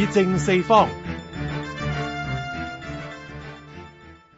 議政四方。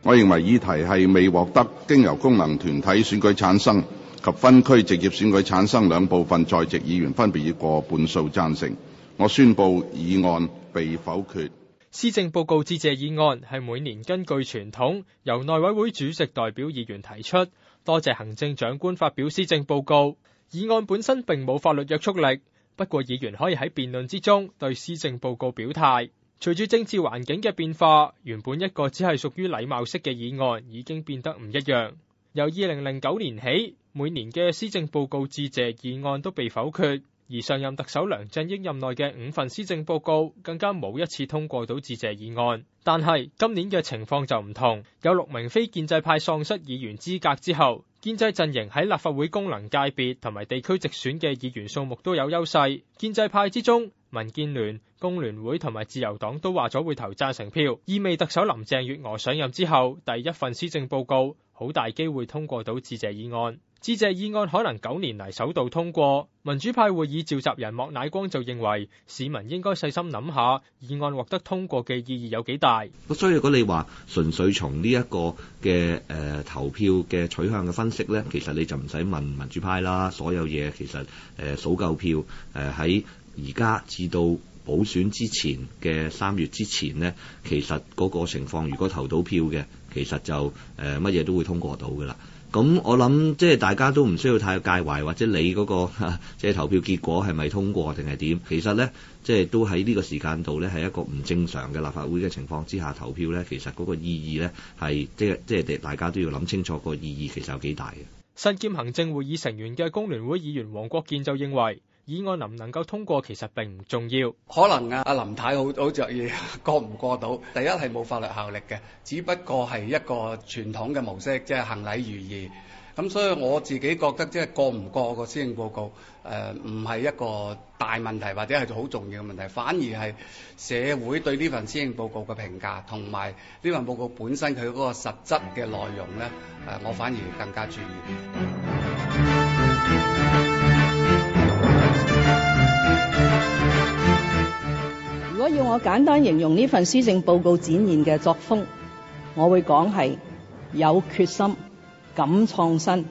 我認為議題係未獲得經由功能團體選舉產生及分區直接選舉產生兩部分在席議員分別以過半數贊成，我宣布議案被否決。施政報告致謝議案係每年根據傳統由內委會主席代表議員提出，多謝行政長官發表施政報告。議案本身並冇法律約束力。不過，議員可以喺辯論之中對施政報告表態。隨住政治環境嘅變化，原本一個只係屬於禮貌式嘅議案，已經變得唔一樣。由二零零九年起，每年嘅施政報告致謝議案都被否決。而上任特首梁振英任內嘅五份施政報告，更加冇一次通過到致謝議案。但係今年嘅情況就唔同，有六名非建制派喪失議員資格之後，建制陣營喺立法會功能界別同埋地區直選嘅議員數目都有優勢。建制派之中，民建聯、工聯會同埋自由黨都話咗會投贊成票，意味特首林鄭月娥上任之後，第一份施政報告好大機會通過到致謝議案。致謝議案可能九年嚟首度通過。民主派會議召集人莫乃光就認為市民應該細心諗下，議案獲得通過嘅意義有幾大。咁所以如果你話純粹從呢一個嘅誒投票嘅取向嘅分析咧，其實你就唔使問民主派啦，所有嘢其實誒數夠票誒喺而家至到補選之前嘅三月之前咧，其實嗰個情況如果投到票嘅。其實就誒乜嘢都會通過到嘅啦。咁我諗即係大家都唔需要太介懷，或者你嗰個即係投票結果係咪通過定係點？其實呢，即係都喺呢個時間度呢，係一個唔正常嘅立法會嘅情況之下投票呢。其實嗰個意義呢，係即係即係大家都要諗清楚個意義其實有幾大嘅。身兼行政會議成員嘅工聯會議員黃國健就認為。議案能唔能夠通過，其實並唔重要。可能啊，阿林太好好着意 過唔過到。第一係冇法律效力嘅，只不過係一個傳統嘅模式，即係行禮如儀。咁所以我自己覺得，即係過唔過個施政報告，誒、呃，唔係一個大問題或者係好重要嘅問題，反而係社會對呢份施政報告嘅評價，同埋呢份報告本身佢嗰個實質嘅內容咧，誒、呃，我反而更加注意。如果要我簡單形容呢份施政報告展現嘅作風，我會講係有決心、敢創新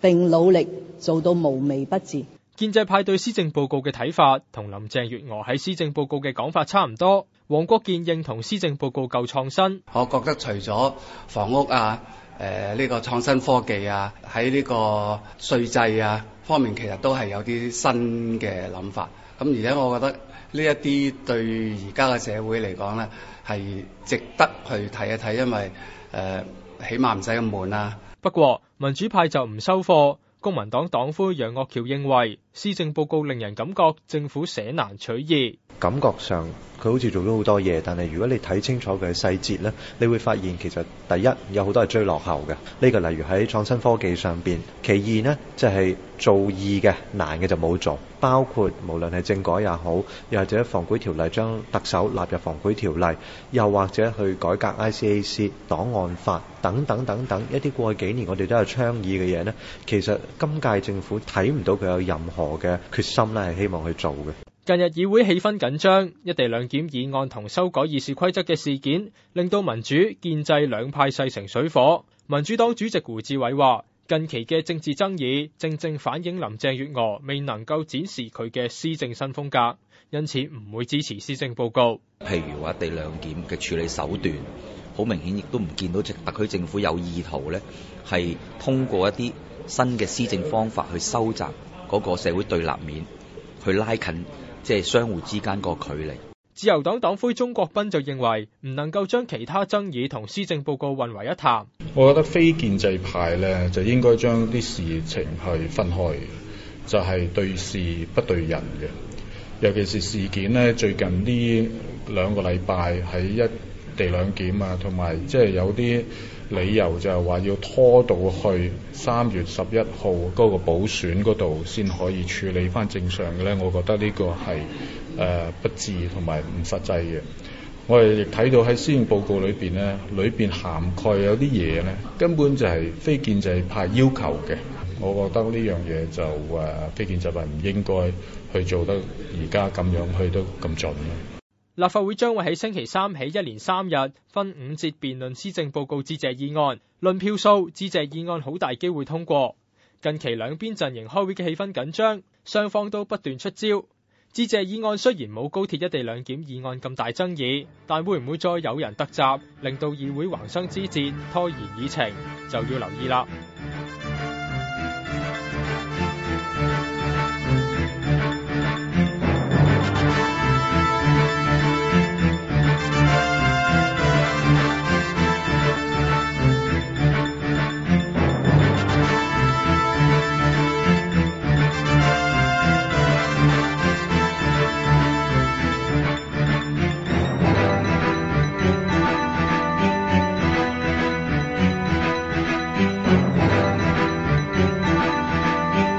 並努力做到無微不至。建制派對施政報告嘅睇法同林鄭月娥喺施政報告嘅講法差唔多，黃國健認同施政報告夠創新。我覺得除咗房屋啊，誒、呃、呢、呢個創新科技啊，喺呢個稅制啊方面，其實都係有啲新嘅諗法。咁而且我覺得呢一啲對而家嘅社會嚟講呢係值得去睇一睇，因為誒、呃、起碼唔使咁悶啦。不過民主派就唔收貨。公民黨黨魁楊岳橋認為。施政報告令人感覺政府捨難取義，感覺上佢好似做咗好多嘢，但係如果你睇清楚佢嘅細節呢你會發現其實第一有好多係追落後嘅，呢、這個例如喺創新科技上邊；其二呢就係、是、做易嘅難嘅就冇做，包括無論係政改也好，又或者防賄條例將特首納入防賄條例，又或者去改革 ICAC 檔案法等等等等，等，等一啲過去幾年我哋都有倡議嘅嘢呢，其實今屆政府睇唔到佢有任何。我嘅決心咧，係希望去做嘅。近日議會氣氛緊張，一地兩檢議案同修改議事規則嘅事件，令到民主建制兩派勢成水火。民主黨主席胡志偉話，近期嘅政治爭議，正正反映林鄭月娥未能夠展示佢嘅施政新風格，因此唔會支持施政報告。譬如話一地兩檢嘅處理手段，好明顯亦都唔見到特區政府有意圖呢，係通過一啲新嘅施政方法去收集。嗰個社會對立面，去拉近即係相互之間個距離。自由黨黨魁鍾國斌就認為，唔能夠將其他爭議同施政報告混為一談。我覺得非建制派咧，就應該將啲事情係分開，就係、是、對事不對人嘅。尤其是事件呢，最近呢兩個禮拜喺一地兩檢啊，同埋即係有啲理由就係話要拖到去三月十一號嗰個補選嗰度先可以處理返正常嘅咧，我覺得呢個係誒、呃、不智同埋唔實際嘅。我哋亦睇到喺施政報告裏邊咧，裏邊涵蓋有啲嘢咧，根本就係非建制派要求嘅。我覺得呢樣嘢就誒、呃、非建制派唔應該去做得而家咁樣去得咁盡。立法會將會喺星期三起一連三日分五節辯論施政報告致謝議案，論票數，致謝議案好大機會通過。近期兩邊陣營開會嘅氣氛緊張，雙方都不斷出招。致謝議案雖然冇高鐵一地兩檢議案咁大爭議，但會唔會再有人突襲，令到議會橫生枝節，拖延議程，就要留意啦。